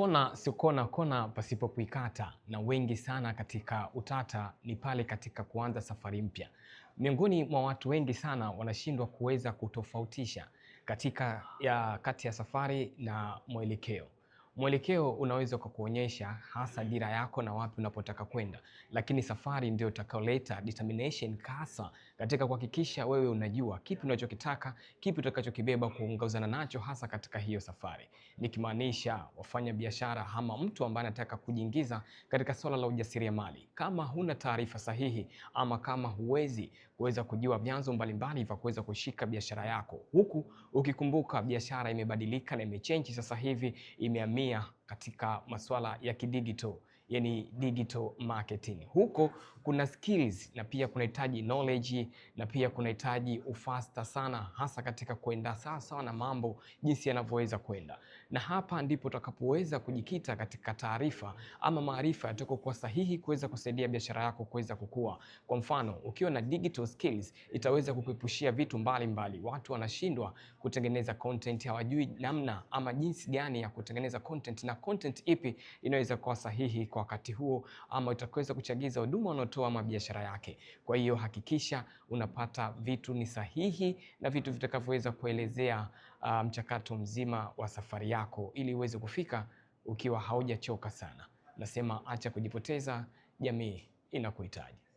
Kona sio kona, kona pasipo kuikata. Na wengi sana katika utata ni pale katika kuanza safari mpya. Miongoni mwa watu wengi sana wanashindwa kuweza kutofautisha katika ya kati ya safari na mwelekeo. Mwelekeo unaweza kukuonyesha hasa dira yako na wapi unapotaka kwenda, lakini safari ndio utakaoleta determination kasa katika kuhakikisha wewe unajua kipi unachokitaka, kipi utakachokibeba kuongozana nacho hasa katika hiyo safari, nikimaanisha wafanya biashara ama mtu ambaye anataka kujiingiza katika swala la ujasiriamali. Kama huna taarifa sahihi ama kama huwezi kuweza kujua vyanzo mbalimbali vya kuweza kushika biashara yako, huku ukikumbuka biashara imebadilika na imechenji sasa hivi imeamia Romania. katika masuala ya kidigital, yani digital marketing. Huko kuna skills na pia kunahitaji knowledge na pia kunahitaji ufasta sana, hasa katika kuenda sawa na mambo jinsi yanavyoweza kwenda, na hapa ndipo utakapoweza kujikita katika taarifa ama maarifa yatakokuwa sahihi kuweza kusaidia biashara yako kuweza kukua. Kwa mfano, ukiwa na digital skills itaweza kukuepushia vitu mbalimbali mbali. Watu wanashindwa kutengeneza content, hawajui namna ama jinsi gani ya kutengeneza content na content ipi inaweza kuwa sahihi kwa wakati huo ama itakuweza kuchagiza huduma unaotoa ama biashara yake. Kwa hiyo hakikisha unapata vitu ni sahihi na vitu vitakavyoweza kuelezea ah, mchakato mzima wa safari yako ili uweze kufika ukiwa haujachoka sana. Nasema acha kujipoteza, jamii inakuhitaji.